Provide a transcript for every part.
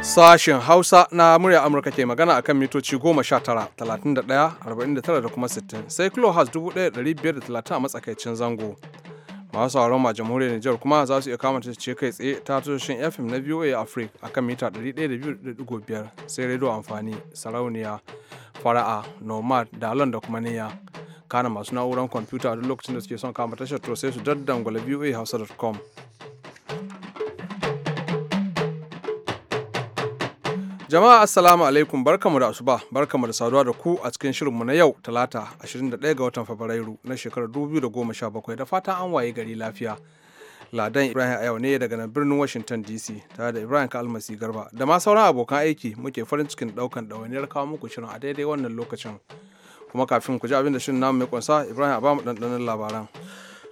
Sashen Hausa na murya Amurka ke magana a kan mitoci 19, 31, 49 da kuma 60, sai kilohaz 1530 a matsakaicin zango. Masu sauran ma jamhuriyar Nijar kuma za su iya kama ce kai tsaye ta tashoshin FM na VOA Africa a kan mita 102.5 sai rediyo amfani, sarauniya, fara'a, nomad, dalon da kuma niyya. kana masu na'urar kwamfuta duk lokacin da suke son kama tashar to sai su daddangwala voa hausa.com Jama'a assalamu alaikum barkamu da asuba barkamu da saduwa da ku a cikin shirinmu na yau talata 21 ga watan Fabrairu na shekarar 2017 da fatan an waye gari lafiya. Ladan Ibrahim yau ne daga nan birnin Washington DC tare da Ibrahim Kalmasi Garba da ma sauran abokan aiki muke farin cikin daukan dawainiyar kawo muku shirin a daidai wannan lokacin. kuma kafin ku ji abin da shirin namu mai kunsa ibrahim abamu ɗanɗanon labaran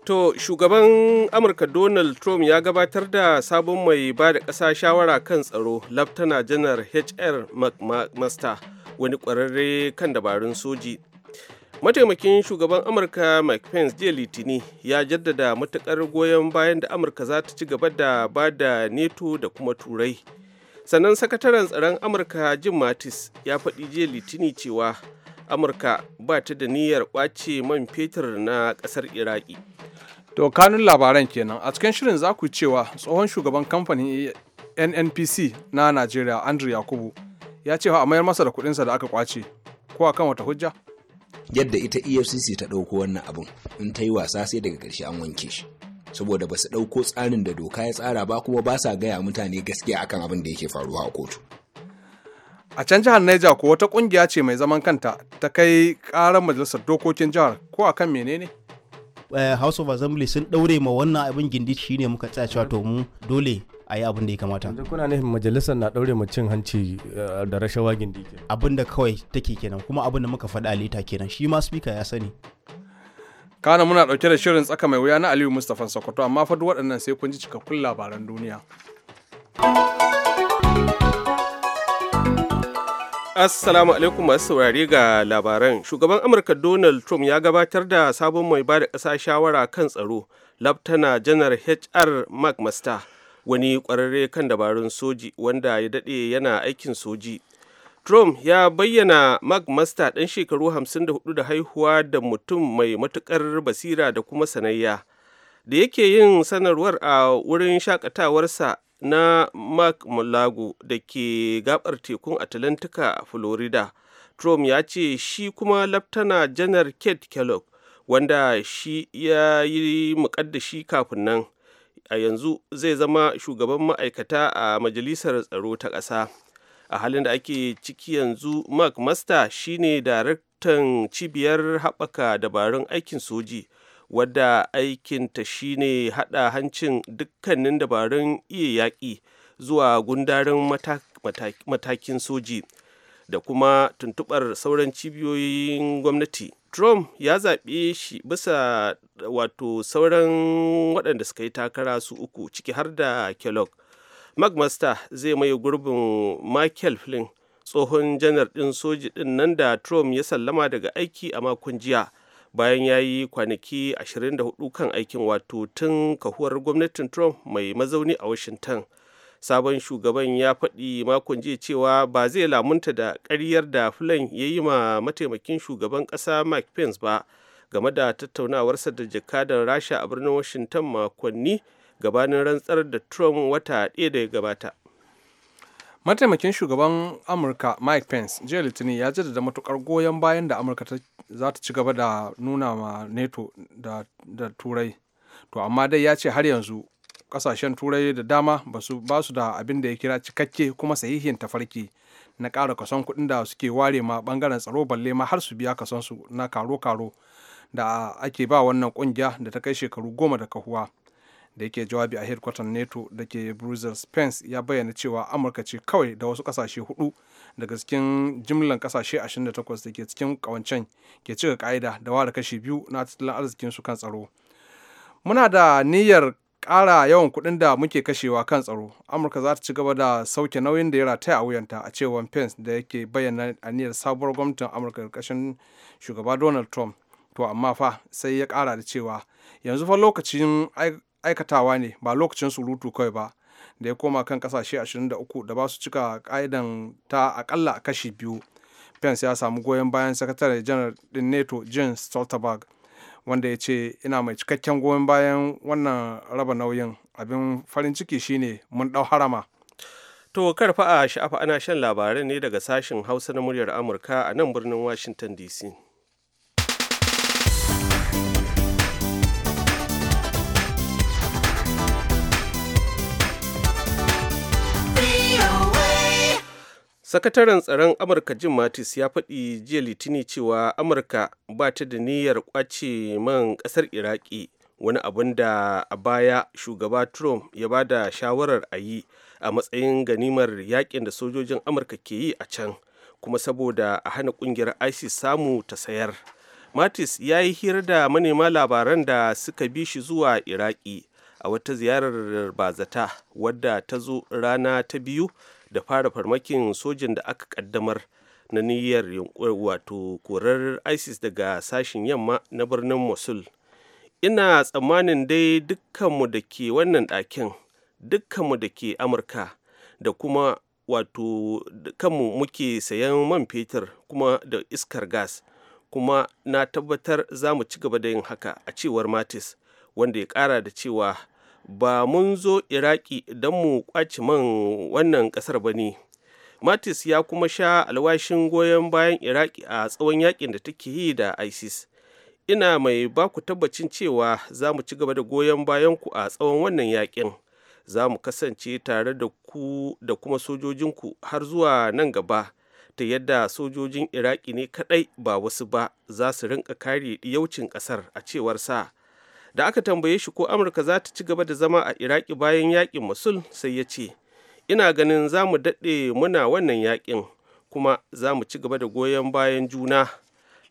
To shugaban Amurka Donald Trump ya gabatar da sabon mai ba da ƙasa shawara kan tsaro Laftana Janar HR McMaster wani kwararre kan dabarun soji. Mataimakin shugaban Amurka Mike Pence jiya Litini ya jaddada matuƙar goyon bayan da Amurka za ta ci gaba da ba da neto da kuma Turai. Sannan sakataren tsaron Amurka Jim Mattis ya faɗi jiya Litini cewa amurka ba ta da niyyar kwace man fetur na ƙasar iraki to kanun labaran kenan a cikin shirin za ku cewa tsohon shugaban kamfanin nnpc na najeriya andrew yakubu ya ce a mayar masa da kuɗinsa da aka kwace ko a kan wata hujja yadda ita efcc ta ɗauko wannan abun, in ta yi wasa sai daga ƙarshe an wanke shi saboda ba su ɗauko tsarin da doka ya tsara ba kuma ba sa gaya mutane gaskiya akan abin da yake faruwa a kotu a can jihar Niger ko wata kungiya ce mai zaman kanta ta kai karar majalisar dokokin jihar ko akan menene eh, House of Assembly sun daure ma wannan abin gindi shine muka tsaya cewa to mu dole a yi abin da ya kamata. Yanzu kuna ne majalisar na daure ma cin hanci eh, da rashawa gindi ke. Abin da kawai take kenan kuma abin da muka faɗa leta kenan shi ma speaker ya sani. Kana muna ɗauke da shirin tsaka mai wuya na Aliyu Mustapha Sokoto amma fa duk waɗannan sai kun ji cikakkun labaran duniya. Assalamu alaikum masu saurare ga labaran. Shugaban Amurka Donald Trump ya gabatar da sabon mai ba da ƙasa shawara kan tsaro, Laftana Janar HR Mark Master, wani ƙwararre kan dabarun soji wanda ya daɗe yana aikin soji. Trump ya bayyana Mark Master ɗan shekaru 54 da haihuwa da mutum mai matuƙar basira da kuma sanayya. Da yake yin sanarwar a wurin shakatawarsa na mark mulago da ke gabar tekun atlantika a florida trump ya ce shi kuma laftana janar kate kellogg wanda shi ya yi mukaddashi kafin nan a yanzu zai zama shugaban ma'aikata a majalisar tsaro ta ƙasa a halin da ake ciki yanzu mark master shine daraktan cibiyar haɓaka dabarun aikin soji wadda aikinta shi ne hada hancin dukkanin dabarun iya yaƙi zuwa gundarin matakin soji da kuma tuntubar sauran cibiyoyin gwamnati trump ya zaɓe shi bisa wato sauran waɗanda suka yi takara su uku ciki har da kellogg mcmaster zai maye gurbin michael flynn tsohon janar ɗin soji ɗin nan da trump ya sallama daga aiki a makon jiya bayan ya yi kwanaki 24 kan aikin wato tun kahuwar gwamnatin trump mai mazauni a washington sabon shugaban ya faɗi makon jiya cewa ba zai lamunta da ƙaryar da fulan ya yi ma mataimakin shugaban ƙasa mike pence ba game da tattaunawarsa da jakadar rasha a birnin washington makonni gabanin rantsar da trump wata ɗaya da ya gabata mataimakin shugaban amurka mike pence jiya litinin ya jaddada matukar goyon bayan da amurka za ta ci gaba da nuna ma neto da, turai to amma dai ya ce har yanzu kasashen turai da dama ba su da abin da ya kira cikakke kuma sahihin tafarki na ƙara kason kuɗin da suke ware ma bangaren tsaro balle ma har su biya kasonsu na karo-karo da ake ba wannan ƙungiya da ta kai shekaru goma da kahuwa da yake jawabi a headquarter nato da ke brussels pence ya bayyana cewa amurka ce kawai da wasu kasashe hudu daga cikin jimlan kasashe 28 da ke cikin kawancen ke cika ka'ida da ware kashi biyu na tattalin arzikinsu kan tsaro muna da niyyar ƙara yawan kuɗin da muke kashewa kan tsaro amurka za ta ci gaba da sauke nauyin da ya rataya a wuyanta a cewar pence da yake bayyana a niyyar sabuwar gwamnatin amurka ƙarƙashin shugaba donald trump to amma fa sai ya kara da cewa yanzu fa lokacin aikatawa ne ba lokacin surutu kawai ba da ya koma kan kasashe 23 da ba su cika ka'idan ta akalla a kashi biyu pence ya samu goyon bayan sakatare janar din nato jens stoltenberg wanda ya ce ina mai cikakken goyon bayan wannan raba nauyin abin farin ciki shine mun dau harama to karfa a sha'afa ana shan labarai ne daga sashen hausa na muryar amurka a nan birnin washington dc sakataren tsaron amurka jim mattis ya faɗi jiya litini cewa amurka ba ta da niyyar kwace man ƙasar iraki wani abun da a baya shugaba trump ya ba da shawarar a yi a matsayin ganimar yakin da sojojin amurka ke yi a can kuma saboda a hana kungiyar isis samu ta sayar matis ya yi hira da manema labaran da suka bi shi zuwa iraki a wata ziyarar bazata wadda ta zo rana ta biyu da fara farmakin sojin da aka kaddamar na niyyar wato korar isis daga sashen yamma na birnin mosul ina tsammanin dai dukkanmu da ke wannan ɗakin dukkanmu da ke amurka da kuma wato kanmu muke sayan man fetur kuma da iskar gas kuma na tabbatar za mu ci gaba da yin haka a cewar matis wanda ya kara da cewa ba mun zo iraki don mu kwaci man wannan kasar ba ne matis ya kuma sha alwashin goyon bayan iraki a tsawon yakin da take yi da isis ina mai ba ku tabbacin cewa za mu ci gaba da goyon bayanku a tsawon wannan yakin za mu kasance tare da ku da kuma sojojinku har zuwa nan gaba ta yadda sojojin iraki ne kadai ba wasu ba za su rinka kare yaucin kasar a cewar sa da aka tambaye shi ko amurka za ta ci gaba da zama a iraki bayan yakin musul sai ya ce ina ganin za mu daɗe muna wannan yakin kuma za mu ci gaba da goyon bayan juna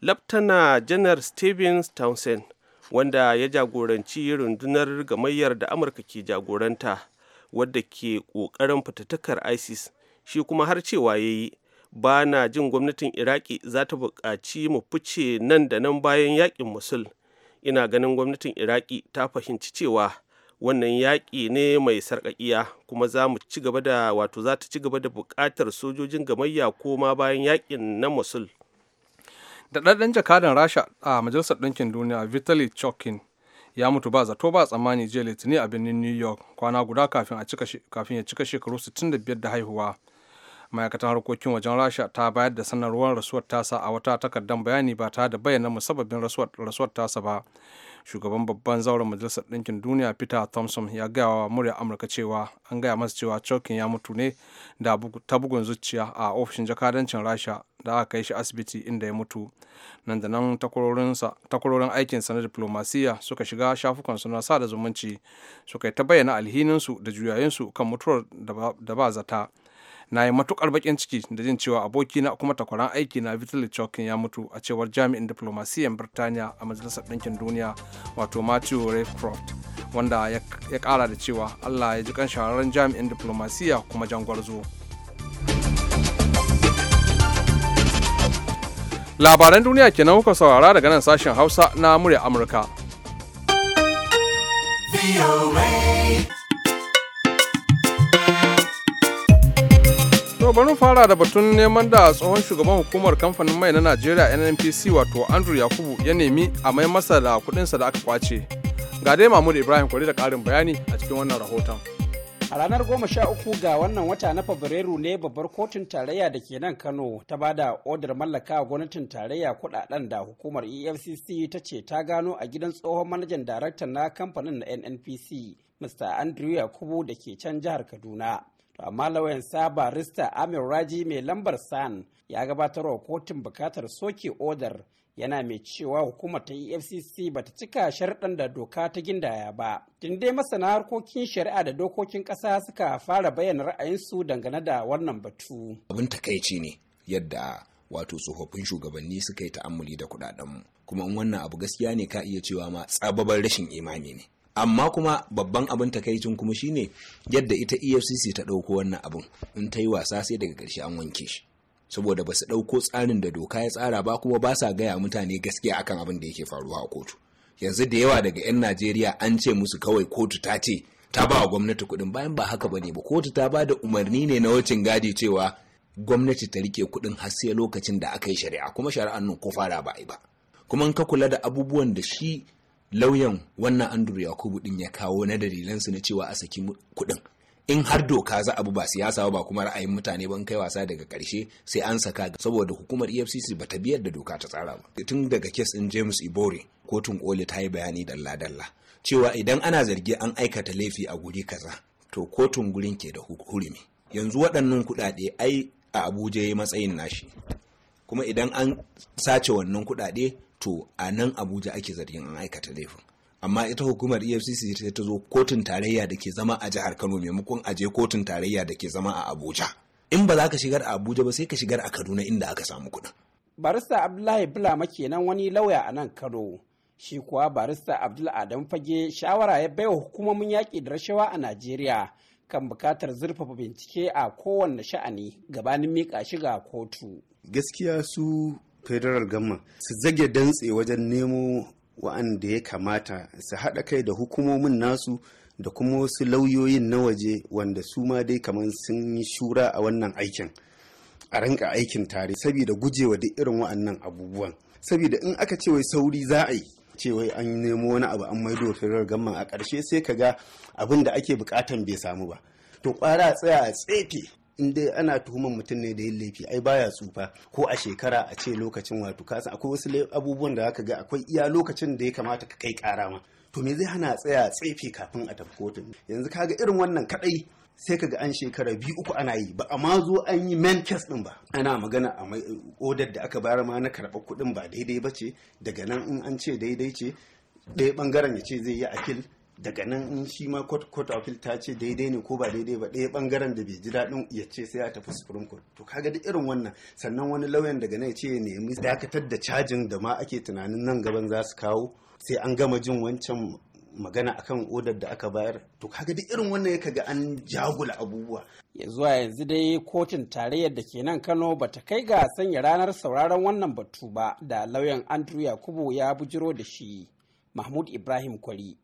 laftana janar steven townsend wanda ya jagoranci rundunar gamayyar da amurka ke jagoranta wadda ke ƙoƙarin fitattakar isis shi kuma har cewa ya yi ba na jin gwamnatin iraki za ta buƙaci mu fice nan da nan bayan yakin musul ina ganin gwamnatin iraki ta fahimci cewa wannan yaƙi ne mai sarƙaƙiya kuma za mu ci gaba da wato za ta ci gaba da buƙatar sojojin gamayya ko ma bayan yaƙin na musul da ɗaɗɗan jakadan rasha a majalisar ɗinkin duniya vitali chokin ya mutu ba zato ba tsammani jiya litinin a birnin new york kwana guda kafin ya cika shekaru 65 da haihuwa ma'aikatan harkokin wajen rasha ta bayar da sanarwar rasuwar tasa a wata takardar bayani ba ta da bayyana musabbabin rasuwar tasa ba shugaban babban zauren majalisar ɗinkin duniya peter thompson ya gaya wa murya amurka cewa an gaya masa cewa cokin ya mutu ne da ta bugun zuciya a ofishin jakadancin rasha da aka kai shi asibiti inda ya mutu nan da nan takwarorin aikinsa na diplomasiya suka shiga shafukansu na sada zumunci suka yi ta bayyana alhininsu da juyayensu kan mutuwar da ba zata. na yi matukar bakin ciki da jin cewa abokina kuma takwaran aiki na Vitaly Chokin ya mutu a cewar jami'in diplomasiyyar Birtaniya a Majalisar Ɗinkin Duniya wato Matthew Raycroft wanda ya kara da cewa Allah ya ji kan shahararren jami'in diplomasiyya kuma jan gwarzo. Labaran duniya kenan kuka saurara daga nan sashen Hausa na murya Amurka. To fara da batun neman da tsohon shugaban hukumar kamfanin mai na Najeriya NNPC wato Andrew Yakubu ya nemi a mai masa da sa da aka kwace. Ga dai Mahmud Ibrahim kwari da karin bayani a cikin wannan rahoton. A ranar goma sha uku ga wannan wata na Fabrairu ne babbar kotun tarayya da ke nan Kano ta bada odar mallaka gwamnatin tarayya kudaden da hukumar EFCC ta ce ta gano a gidan tsohon manajan daraktan na kamfanin na NNPC, Mr. Andrew Yakubu da ke can jihar Kaduna. to amma lauyan sa Barista amir raji mai lambar san ya gabatar wa kotun bukatar soke odar yana mai cewa hukumar ta efcc ba ta cika sharɗan da doka ta gindaya ba tun dai masana harkokin shari'a da dokokin ƙasa suka fara bayyana ra'ayinsu dangane da wannan batu abin takaici ne yadda wato tsofaffin shugabanni suka yi ta'ammuli da kuɗaɗenmu kuma in wannan abu gaskiya ne ka iya cewa ma tsababar rashin imani ne amma kuma babban abin takaicin kuma shine yadda ita efcc ta ɗauko wannan abin in ta yi wasa sai daga ƙarshe an wanke shi saboda ba su ɗauko tsarin da doka ya tsara ba kuma ba sa gaya mutane gaskiya akan abin da yake faruwa a kotu yanzu da yawa daga 'yan najeriya an ce musu kawai kotu ta ce ta ba wa gwamnati kuɗin bayan ba haka bane ba kotu ta ba da umarni ne na wucin gadi cewa gwamnati ta rike kuɗin har sai lokacin da aka yi shari'a kuma shari'an nan ko fara ba yi ba kuma in ka kula da abubuwan da shi lauyan wannan andrew yakubu din ya kawo na dalilansu na cewa a saki kuɗin in har doka za abu ba siyasa ba kuma ra'ayin mutane ban kai wasa daga karshe sai an saka saboda hukumar efcc ba ta biyar da doka ta tsara ba tun daga kes din james ibori kotun koli ta yi bayani dalla-dalla cewa idan ana zargi an aikata laifi a guri kaza to kotun gurin ke da hurumi yanzu waɗannan kuɗaɗe ai a abuja ya matsayin nashi kuma idan an sace wannan kuɗaɗe to a nan abuja ake zargin an aikata laifin amma ita hukumar efcc ta ta zo kotun tarayya da ke zama a jihar kano maimakon a je kotun tarayya da ke zama a abuja in ba za ka shigar a abuja ba sai ka shigar a kaduna inda aka samu kuɗin. barista abdullahi bulama kenan wani lauya a nan kano shi kuwa barista abdul adam fage shawara ya baiwa hukumomin yaƙi da rashawa a najeriya kan buƙatar zurfafa bincike a kowanne sha'ani gabanin miƙa shiga kotu gaskiya su federal government su zage dantse wajen nemo wa'anda ya kamata su haɗa kai da hukumomin nasu da kuma wasu lauyoyin na waje wanda su ma dai kamar sun yi shura a wannan aikin a rinka aikin tare saboda gujewa duk irin wa'annan abubuwan saboda in aka ce wai sauri za a yi wai an nemo wani abu an maido firar gamma a ƙarshe sai ka ga abin da ake bukatan bai samu ba to kwara tsaya a tsefe in dai ana tuhumar mutum ne da yin laifi ai baya tsufa ko a shekara a ce lokacin wato kasan akwai wasu abubuwan da zaka ga akwai iya lokacin da ya kamata ka kai kara ma to me zai hana tsaya tsefe kafin a tafi kotun yanzu kaga irin wannan kadai sai ka ga an shekara biyu uku ana yi ba amma zo an yi main case din ba ana magana a mai odar da aka bayar ma na karɓar kuɗin ba daidai ba ce daga nan in an ce daidai ce ɗaya ɓangaren ya ce zai yi akil daga nan in shi ma court appeal ta ce daidai ne ko ba daidai ba ɗaya bangaren da bai ji daɗin ya ce sai ya tafi supreme court to kaga da irin wannan sannan wani lauyan daga nan ya ce ya nemi dakatar da cajin da ma ake tunanin nan gaban za su kawo sai an gama jin wancan magana akan odar da aka bayar to kaga duk irin wannan ya ga an jagula abubuwa ya zuwa yanzu dai kotun tarayyar da ke nan kano ba ta kai ga sanya ranar sauraron wannan batu ba da lauyan andrew yakubu ya bujiro da shi mahmud ibrahim kwari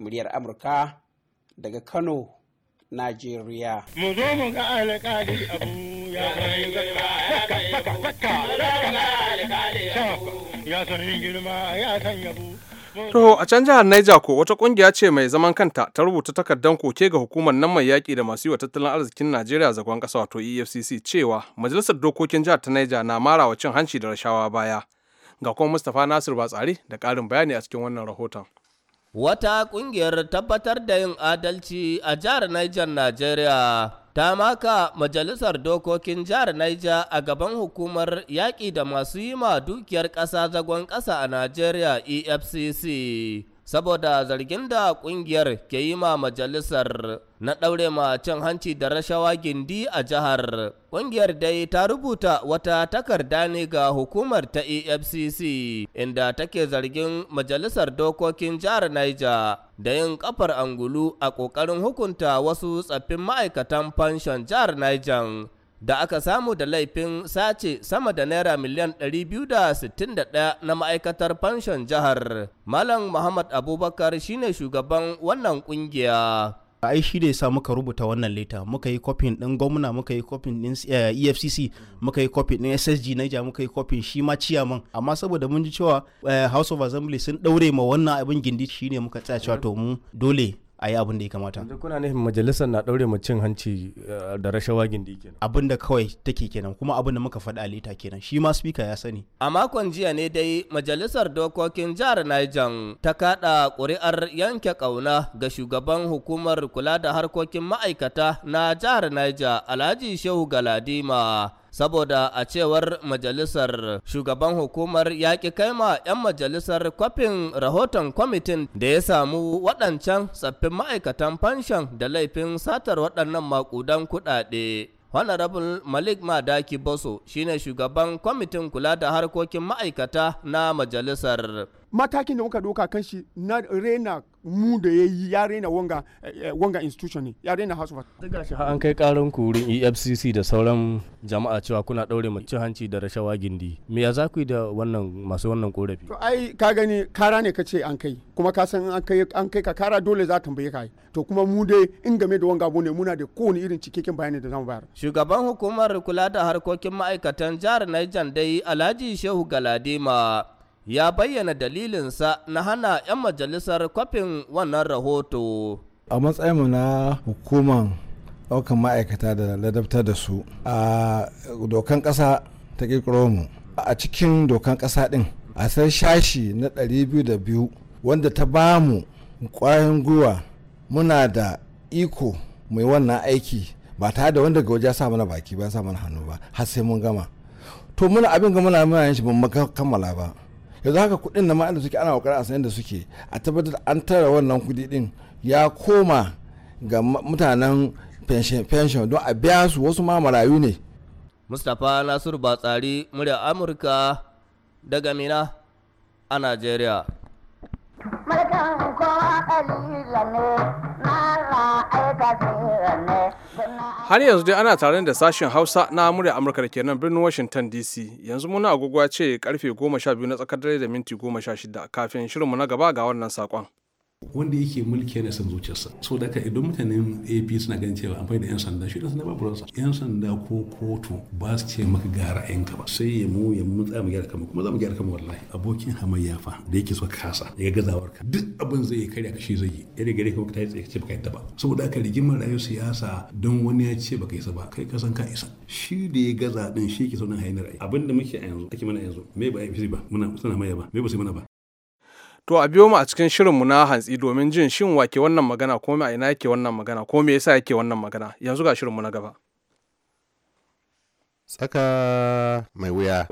muryar amurka daga kano najeriya To a can jihar Niger ko wata kungiya ce mai zaman kanta ta rubuta takardar koke ga hukumar nan mai yaƙi da masu yi wa tattalin arzikin Najeriya zagon ƙasa wato EFCC cewa majalisar dokokin jihar ta Niger na marawa cin hanci da rashawa baya. Ga kuma Mustapha Nasir Batsari da ƙarin bayani a cikin wannan rahoton. Wata ƙungiyar tabbatar da yin adalci a jihar Niger Najeriya ta maka majalisar dokokin jihar Niger a gaban hukumar yaƙi da masu yi ma dukiyar ƙasa zagon ƙasa a Najeriya EFCC. saboda zargin da kungiyar ke yi ma majalisar na ɗaure ma cin hanci da rashawa gindi a jihar. Kungiyar dai ta rubuta wata takarda ne ga hukumar ta EFCC inda take zargin majalisar dokokin jihar Niger da yin kafar angulu a ƙoƙarin hukunta wasu tsaffin ma'aikatan fanshon jihar Niger. da aka samu da laifin sace sama da naira miliyan 261 na ma'aikatar fanshon jihar malam muhammad abubakar shine shugaban wannan kungiya ai shi da ya sa muka rubuta wannan leta muka yi kofin din gwamna muka yi kofin din efcc eh, e muka yi kofin din ssg naija muka yi kofin shi ma ciyaman amma saboda mun ji cewa eh, house of assembly sun ɗaure ma wannan abin gindi shine muka tsaya cewa to mu dole a yi abin da ya kamata yanzu kuna nufin majalisar na daure mu cin hanci eh, da rashawa gindi kenan abin da kawai take kenan kuma abin da muka faɗa leta kenan shi ma speaker ya sani a makon jiya ne dai majalisar dokokin jihar Niger ta kaɗa ƙuri'ar yanke ƙauna ga shugaban hukumar kula da harkokin ma'aikata na jihar Niger Alhaji Shehu Galadima saboda a cewar majalisar shugaban hukumar yaƙi kaima 'yan majalisar kwafin rahoton kwamitin da ya samu waɗancan tsaffin ma'aikatan fanshan da laifin satar waɗannan makudan kuɗaɗe. Honorable Malik Madaki Boso shine shugaban kwamitin kula da harkokin ma'aikata na majalisar. Matakin da muka doka kan shi na rena mu da ya yi ya rena wanga eh, wanga institution ne ya rena hasu daga shi an kai karin kurin EFCC da sauran jama'a cewa kuna daure mace hanci da rashawa gindi me ya za ku yi da wannan masu wannan korafi to ai ka gani kara ne ka ce an kai kuma ka san an kai ka kara dole za tambaye ka to kuma mu dai in game da wanga ne muna da kowane irin cikakken bayani da zamu bayar shugaban hukumar kula da harkokin ma'aikatan jihar Niger dai Alhaji Shehu Galadima ya bayyana dalilinsa na hana 'yan majalisar kwafin wannan rahoto. A matsayinmu na hukuman ɗaukan ma'aikata da ladabtar da su a dokan ƙasa ta ƙirƙiro mu a cikin dokan ƙasa din a sai shashi na 202 wanda ta ba mu ƙwayan gwiwa muna da iko mai wannan aiki ba tare da wanda ya sa mana baki ba ya sa mana hannu ba har sai mun gama to muna abin ga muna mayan yin shi ban kammala ba yanzu haka kuɗin na ma'ana suke ana kokarin a san da suke a tabbatar an tara wannan kudi din ya koma ga mutanen pension don a biya su wasu ma marayu ne mustapha nasiru batsari murya amurka daga mina a nigeria. Har yanzu dai ana tare da sashen Hausa na murya Amurka da ke nan birnin Washington DC. Yanzu muna agogwa ce karfe 12 na tsakar dare da minti 16 kafin shirinmu na gaba ga wannan sakon. wanda yake mulki yana son zuciyarsa so da ka idan mutanen ap suna ganin cewa amfani da yan sanda shi dan sanda ba buransa yan sanda ko kotu ba su ce maka ga ka ba sai ya mu ya mu tsaya mu gyara kanmu kuma za mu gyara kanmu wallahi abokin hamayya fa da yake so kasa ya ga gazawar ka duk abin zai karya ka shi zai yi ya gare ka ta tsaye ce baka yadda ba saboda ka rigimar rayuwar siyasa don wani ya ce baka isa ba kai ka san ka isa shi da ya gaza din shi ke sauran hayanin ra'ayi abin da muke a yanzu ake mana yanzu me ba a yi ba muna suna hamayya ba me ba sai mana ba To a biyo mu a cikin shirinmu na hantsi domin jin shin wa ke wannan magana ko a ina yake wannan magana ko me yasa yake wannan magana yanzu ga shirinmu na gaba. Tsaka mai wuya.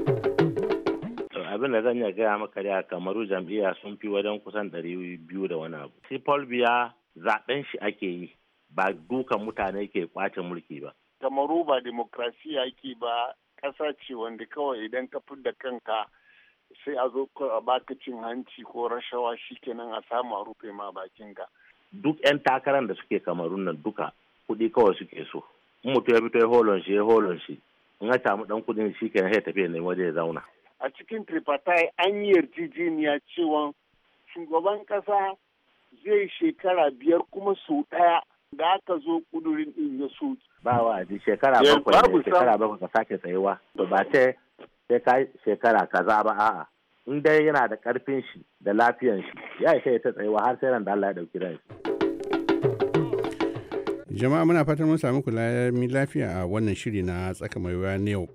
abin da zan iya gaya maka da kamaru jam'iyya sun fi wajen kusan ɗari biyu da wani abu. Si Paul Biya zaɓen shi ake yi ba dukan mutane ke kwace mulki ba. Kamaru ba demokrasiya ake ba ƙasa ce wanda kawai idan ka da kanka sai a zo a baka cin hanci ko rashawa shikenan a samu a rufe ma bakin ka duk yan takarar da suke kamarun nan duka kuɗi kawai suke so in mutum ya fito ya holon shi ya holon shi in ya samu dan kuɗin shi ke sai tafiya ne waje ya zauna a cikin tripartite an yi yarjejeniya cewa shugaban kasa zai shekara biyar kuma su ɗaya da aka zo kudurin din ya so ba wa ji shekara bakwai ne shekara bakwai ka sake tsayuwa ba ce sai ka shekara kaza ba a'a in dai yana da karfin shi da lafiyan shi ya isa ya ta tsayuwa har sai ran da Allah ya dauki ran jama'a muna fatan mun sami kula lafiya a wannan shiri na tsaka mai wuya na yau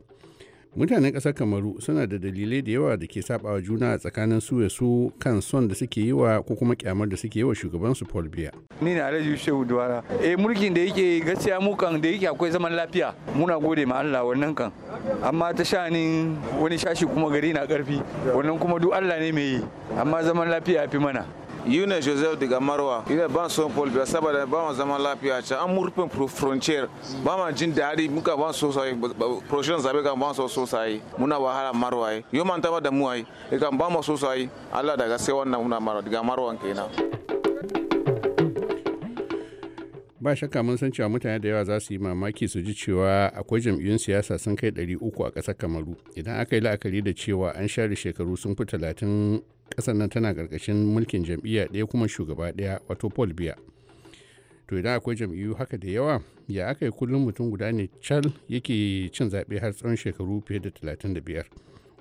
mutanen ƙasar kamaru suna da dalilai da yawa da ke sabawa juna a tsakanin su da su kan son da suke yi wa ko kuma kyamar da suke yi wa shugaban su paul biya ni na alhaji shehu duwara eh mulkin da yake gaskiya mu da yake akwai zaman lafiya muna gode ma allah wannan kan amma ta shanin wani shashi kuma gari na karfi wannan kuma duk allah ne mai yi amma zaman lafiya ya fi mana yune joseph daga marwa ina ban son paul biya saboda ba ma zaman lafiya can an murfin frontier ba ma jin daɗi muka ban so sai proshin zabe kan ban so sosai muna wahala marwa yi yau man taba da mu ai kan ba ma sosai allah daga sai wannan muna marwa daga marwa kenan ba shakka mun san cewa mutane da yawa za su yi mamaki su ji cewa akwai jam'iyyun siyasa sun kai 300 a ƙasar kamaru idan aka yi la'akari da cewa an share shekaru sun fi talatin ƙasar nan tana karkashin mulkin jam'iyya ɗaya kuma shugaba ɗaya wato paul biya to idan akwai jam'iyyu haka da yawa ya aka yi kullum mutum guda ne cal yake cin zaɓe har tsawon shekaru fiye da talatin da biyar.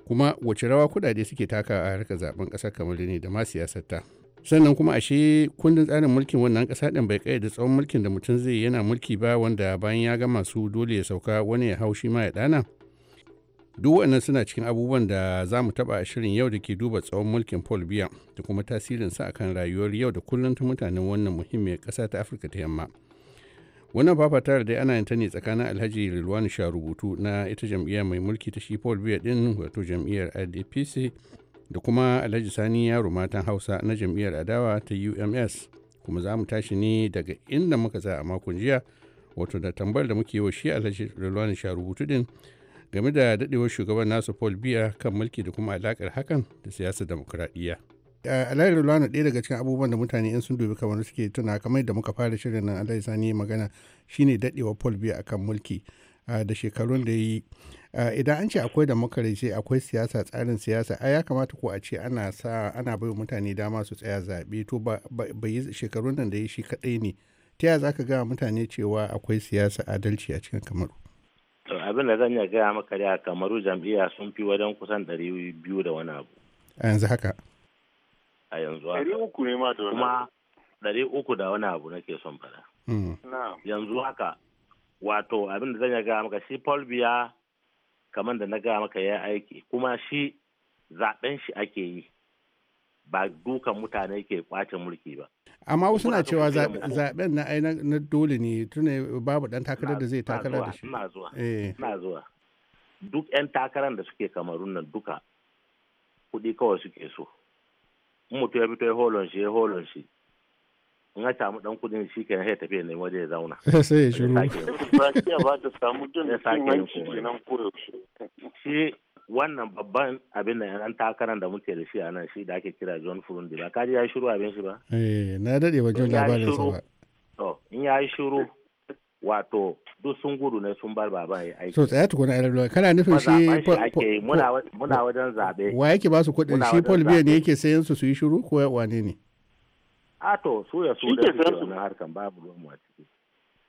kuma wace rawa kuɗaɗe suke taka a harkar zaben ƙasar kamar ne da ma siyasar sannan kuma ashe kundin tsarin mulkin wannan ƙasa ɗin bai kai da tsawon mulkin da mutum zai yana mulki ba wanda bayan ya ga masu dole ya sauka wani ya haushi ma ya ɗana duk waɗannan suna cikin abubuwan da za mu taɓa a shirin yau da ke duba tsawon mulkin paul biya da kuma tasirin tasirinsa akan rayuwar yau da kullum ta mutanen wannan muhimmiyar ƙasa ta afirka ta yamma wannan fafatar da ana yin ta ne tsakanin alhaji rilwani sha rubutu na ita jam'iyya mai mulki ta shi paul biya din wato jam'iyyar adpc da kuma alhaji sani yaro matan hausa na jam'iyyar adawa ta ums kuma za mu tashi ne daga inda muka za a makon jiya wato da tambayar da muke yi wa shi alhaji rilwani sha rubutu din game da daɗewar shugaban nasu paul biya kan mulki da kuma alakar hakan da siyasar demokuraɗiyya alayar rulano ɗaya daga cikin abubuwan da mutane in sun dubi kamar suke tuna kamar da muka fara shirin nan alayhi sani magana shine daɗewar paul biya akan mulki da shekarun da yi idan an ce akwai sai akwai siyasa tsarin siyasa a ya kamata ko a ce ana sa ana bai mutane dama su tsaya zaɓe to ba yi shekarun nan da ya shi kaɗai ne ta yaya za ka ga mutane cewa akwai siyasa adalci a cikin kamaru abin da zan gaya maka da kamaru jam'iyya sun fi wajen kusan ɗari biyu da wani abu a yanzu haka a yanzu haka ɗari uku ne ma da kuma ɗari uku da wani abu nake son fara. Hmm. yanzu haka wato abin da zan gaya maka shi paul biya kamar da na gaya maka ya aiki kuma shi zaɓen shi ake yi ba dukan mutane ke kwace mulki ba amma wasu na cewa zaben na aina na dole ne tuna babu dan takarar da zai takarar da shi na zuwa eh. na zuwa duk yan takarar da suke kamarun nan duka kudi kawai suke so mutu ya fito ya holon shi ya holon shi in ya samu dan kudin shi ke ya tafi ne waje ya zauna sai ya shiru Demokrasiya ba ta samu jin hanci kenan koyaushe shi wannan babban abin da yan takarar da muke da shi a nan shi da ake kira John Furundi ba kaji ya shiru abin shi ba eh, na dade ba jin labarin sa ba in ya shiru wato duk sun gudu ne sun bar baba ya aiki. So tsaya tukuna ayar lura kana nufin shi muna wajen zaɓe. Wa yake ba su kuɗin shi Paul Biya ne yake sayan su su yi shiru ko ya wane ne? a to su ya so da suke wannan harkan babu ruwan a ciki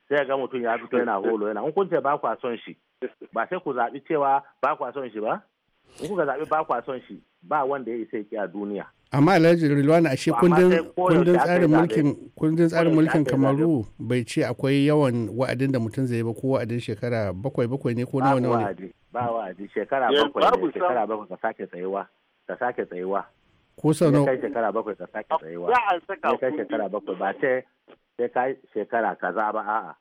sai ga mutum ya fito yana holo yana kun ce ba kwa son shi ba sai ku zaɓi cewa ba kwa son shi ba in kuka zaɓi ba kwa son shi ba wanda ya isa ya a duniya amma alhaji rilwana ashe kundin tsarin mulkin kundin tsarin mulkin kamaru bai ce akwai yawan wa'adin da mutum zai ba ko wa'adin shekara bakwai bakwai ne ko nawa nawa ba wa'adi shekara eh, bakwai ne shekara bakwai ka sake tsayuwa ka sake tsayuwa ko sano ya kai shekara bakwai ka sake tsayuwa ya kai shekara bakwai ba ce sai kai shekara kaza ba a'a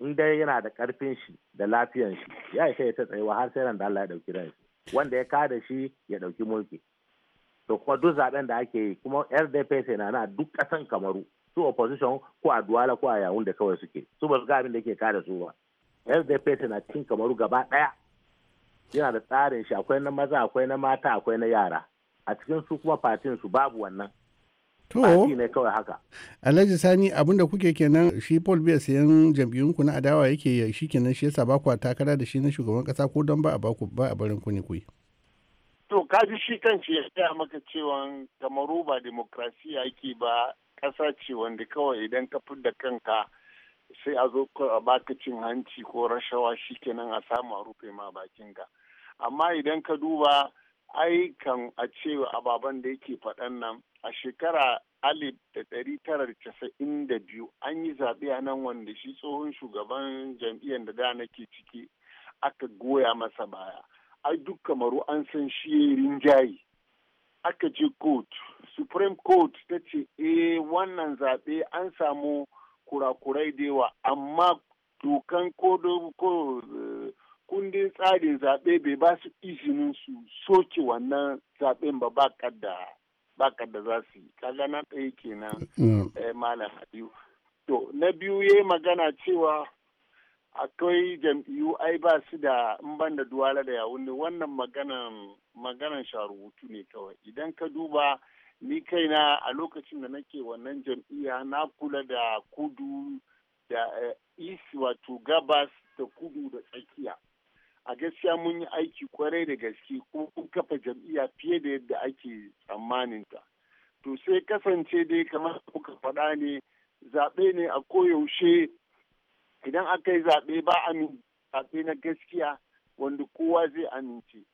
in dai yana da karfin shi da lafiyan shi ya isa ya ta tsayuwa har sai ran da Allah ya dauki ran shi wanda ya kada shi ya dauki mulki to kuma duk zaben da ake yi kuma RDP sai na na duk kasan Kamaru su opposition ko a Duwala ko a Yawun da kawai suke su ba su ga abin da yake kada su ba RDP na cin Kamaru gaba daya yana da tsarin shi akwai na maza akwai na mata akwai na yara a cikin su kuma fatin su babu wannan to ne kawai haka alhaji sani abin da kuke kenan shi paul biya sayan jam'iyyun ku na adawa yake shi kenan shi yasa ba ku takara da shi na shugaban kasa ko don ba a baku ba a barin ku ne kuyi to kaji shi kanci ya maka cewa kamaru ba demokrasiya yake ba kasa ce wanda kawai idan ka da kanka sai a zo a baka cin hanci ko rashawa shikenan a samu a rufe ma bakinka amma idan ka duba aikan a cewa ababen da yake faɗan nan a shekara alif da ɗari tara da casa'in da biyu an yi zaɓe a nan wanda shi tsohon shugaban jam'iyyar da da nake ciki aka goya masa baya ai duk kamaru an san shi rinjaye aka je court supreme court ta ce eh wannan zaɓe an samu kurakurai da yawa amma dokan ko kundin tsarin zaɓe bai ba su izinin su soke wannan zaɓen ba ba kadda ba za su yi kaga na ɗaya kenan mm. eh, malam Aliyu to na biyu yayi magana cewa akwai jam'iyyu ai ba su da in ban da duwala da yawun ne wannan maganan maganan sharubutu ne kawai idan ka duba ni kaina a lokacin da nake wannan jam'iyya na kula da kudu da eh, east wato gabas da kudu da tsakiya a gaskiya mun yi aiki kwarai da gaske kuma kun kafa jam'iyya fiye da yadda ake tsammaninta to sai kasance dai kamar kuka faɗa ne zaɓe ne a koyaushe idan aka yi zaɓe ba min zaɓe na gaskiya wanda kowa zai amince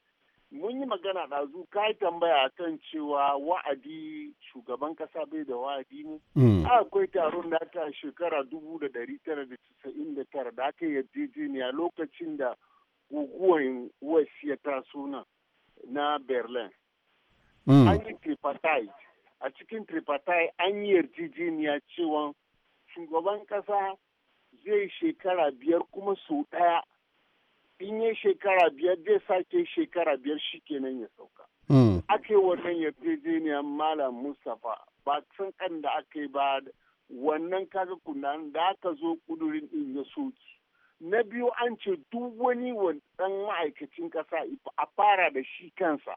mun yi magana ɗazu ka yi tambaya kan cewa wa'adi shugaban ƙasa bai da wa'adi ne mm. a akwai taron da ta shekara dubu da dari tara da tara da aka yarjejeniya lokacin da guguwan wasiya ta suna na berlin hmm. an yi tripartite a cikin tripartite an yi yarjejeniya cewa shugaban kasa zai shekara biyar kuma sau ɗaya in yi shekara biyar zai sake shekara biyar shike nan ya sauka hmm. ake wannan yarjejeniya malam mustapha ba san kan da aka yi ba wannan kaga kunan da aka zo kudurin in ya soki na biyu an ce duk wani ɗan ma'aikacin ƙasa a fara da shi kansa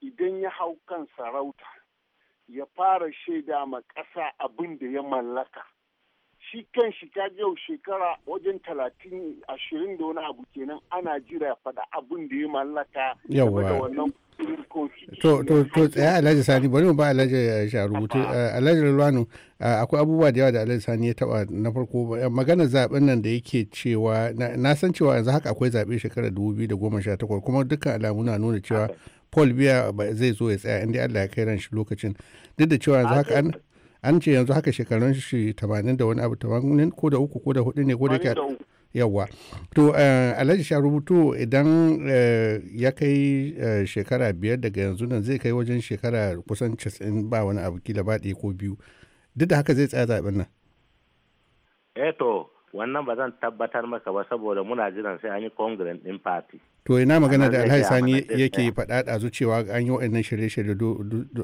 idan ya hau kan sarauta ya fara shaida ma ƙasa abin da ya mallaka shi kan shi ta yau shekara wajen talatin ashirin da wani abu kenan ana jira faɗa abin da ya mallaka yawa da wannan to to to tsaya alhaji sani bari mu ba alhaji eh, rubutu eh, alhaji rilwanu eh, akwai abubuwa da yawa da alhaji sani ya taba na farko magana zaben nan da yake cewa na san cewa yanzu haka akwai zabe shekarar 2018 kuma dukkan alamu na nuna cewa paul biya zai zo ya tsaya inda allah ya kai ran shi lokacin duk da cewa yanzu haka an an ce yanzu haka shekarun shi tamanin da wani abu tamanin ko da uku ko da hudu ne ko da ke yawwa to eh, alhaji sha rubutu idan eh, ya kai eh, shekara biyar daga yanzu nan zai kai wajen shekara kusan casin ba wani abu kila ba ɗaya ko biyu duk da haka zai tsaya zaɓen nan eto wannan ba zan tabbatar maka ba saboda muna jiran sai an yi congress din party to ina magana da alhaji sani yake faɗaɗazu cewa an yi waɗannan shirye-shirye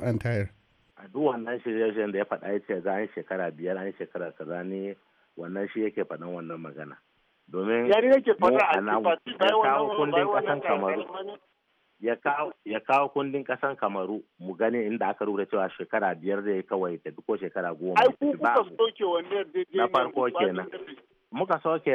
an tayar a duk wannan shirye-shiryen da ya faɗa ya ce za a yi shekara biyar an yi shekara kaza ne wannan shi yake faɗin wannan magana domin ya kawo kundin kasan kamaru mu gani inda aka rubuta cewa shekara biyar zai kawai da ko shekara goma ai ku kuka soke wannan na farko kenan muka soke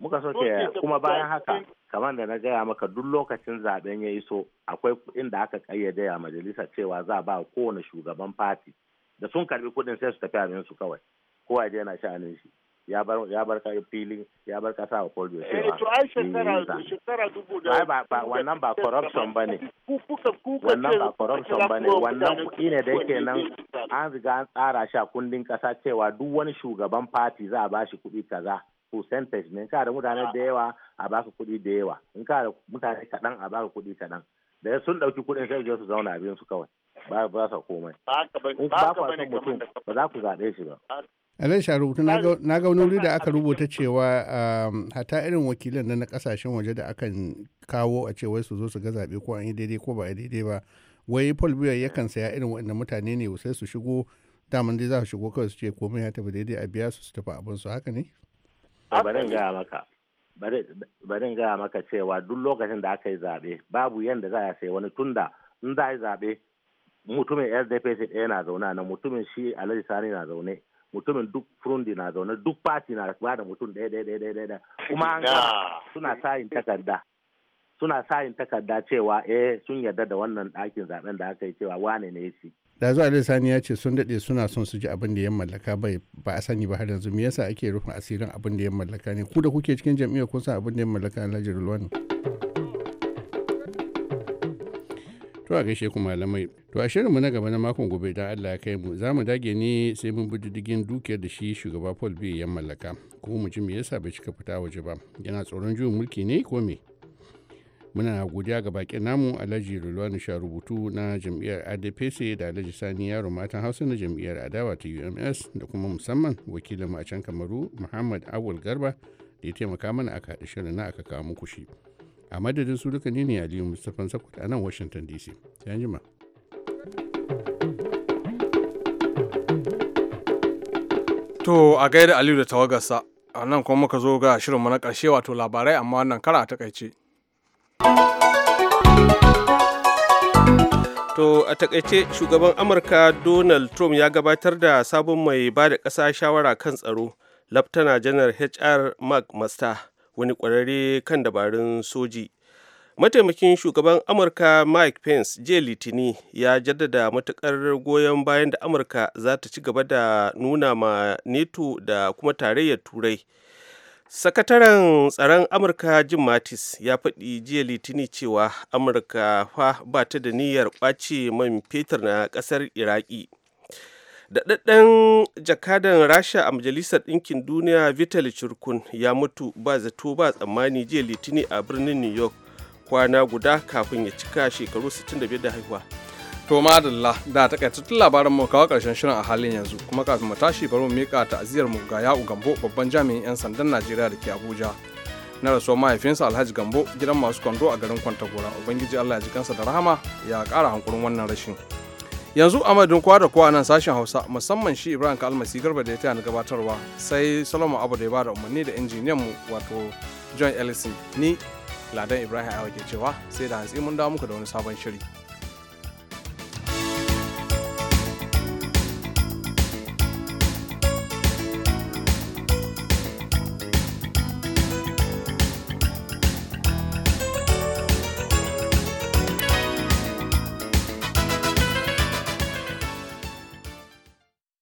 muka soke kuma bayan haka kamar da na gaya maka duk lokacin zaben ya iso akwai inda aka kayyade a majalisa cewa za ba kowane shugaban fati da sun karbi kudin sai su tafi abin su kawai ko a je na sha'anin shi ya bar ya bar filin ya bar kasa wa Paul Yoshi ba. to ai shekara shekara dubu da ba ba wannan ba corruption bane. Wannan ba corruption bane wannan kuɗi ne da yake nan an riga an tsara shi a kundin kasa cewa duk wani shugaban fati za a ba shi kuɗi kaza percentage ne ka da mutane da yawa a baka kuɗi da yawa in ka da mutane kaɗan a baka kuɗi kaɗan da sun ɗauki kuɗin sai su zauna a biyun su kawai ba ba sa komai in ba ku son mutum ba za ku zaɓe shi ba Alai rubutu na ga wani wuri da aka rubuta cewa um, hata irin wakilan na kasashen waje da akan kawo a ce wai su zo su ga zaɓe ko an yi daidai ko ba a daidai ba wai Paul Biya yakan saya irin waɗanda mutane ne sai su shigo daman dai za su shigo kawai su ce komai ya tafi daidai a biya su su tafi abin su haka ne? bari in gaya maka cewa duk lokacin da aka yi zaɓe babu yadda za a sai wani tunda in za a yi zaɓe mutumin sdp ɗaya na zaune na mutumin shi alhaji sani na zaune mutumin duk frundi na zaune duk party na ba da mutum ɗaya ɗaya ɗaya ɗaya kuma an suna sayin takarda suna sayin takarda cewa eh sun yarda da wannan ɗakin zaɓen da aka yi cewa wane ne shi. da zuwa da sani ya ce sun daɗe suna son su ji abin da ya mallaka bai ba a sani ba har yanzu me yasa ake rufe asirin abin da ya mallaka ne ku da kuke cikin jam'iyyar kun san abin da ya mallaka alhaji rulwani to a gaishe ku malamai to a shirinmu na gaba na makon gobe da Allah ya kai mu za mu dage ne sai mun bi diddigin dukiyar da shi shugaba Paul Biya ya mallaka ko mu ji me yasa bai cika fita waje ba yana tsoron juyin mulki ne ko me muna godiya ga bakin namu alhaji rulwani rubutu na jam'iyyar adpc da alhaji sani yaro matan hausa na jam'iyyar adawa ta ums da kuma musamman wakilin a can kamaru muhammad awul garba da ya taimaka mana aka haɗa shirin na aka kawo muku shi a madadin su duka ne aliyu mustapha sakwat a nan washington dc sai jima to a gaida aliyu da tawagarsa a nan kuma muka zo ga shirinmu na karshe wato labarai amma wannan kara a takaice To a takaice shugaban Amurka Donald Trump ya gabatar da sabon mai ba da ƙasa shawara kan tsaro, Laftana Janar HR Mark Masta, wani ƙwararre kan dabarun soji. Mataimakin shugaban Amurka Mike Pence jiya Litini ya jaddada matukar goyon bayan da Amurka za ta ci gaba da nuna ma NATO da kuma tarayyar Turai sakataren tsaron amurka jim mattis ya faɗi jiya litini cewa amurka fa ba ta da niyyar ɓace man fetur na ƙasar iraki daɗaɗɗen jakadan rasha a majalisar ɗinkin duniya vital churkun ya mutu ba zato ba tsammani jiya litini a birnin new york kwana guda kafin ya cika shekaru 65 da haihuwa To madalla da tun labaran mu kawo karshen shirin a halin yanzu kuma kafin mu tashi bari mu mika ta'aziyar mu ga Ya'u Gambo babban jami'in 'yan sandan Najeriya da ke Abuja. Na rasuwar mahaifinsa Alhaji Gambo gidan masu kwando a garin Kwantagora Ubangiji Allah ya ji kansa da rahama ya kara hankurin wannan rashin. Yanzu amadin kowa da kowa nan sashen Hausa musamman shi Ibrahim Kalmasi Garba da ya taya ni gabatarwa sai Solomon Abu da ya bada umarni da injiniyan mu wato John Ellison ni Ladan Ibrahim Awa ke cewa sai da hantsi mun dawo muku da wani sabon shiri.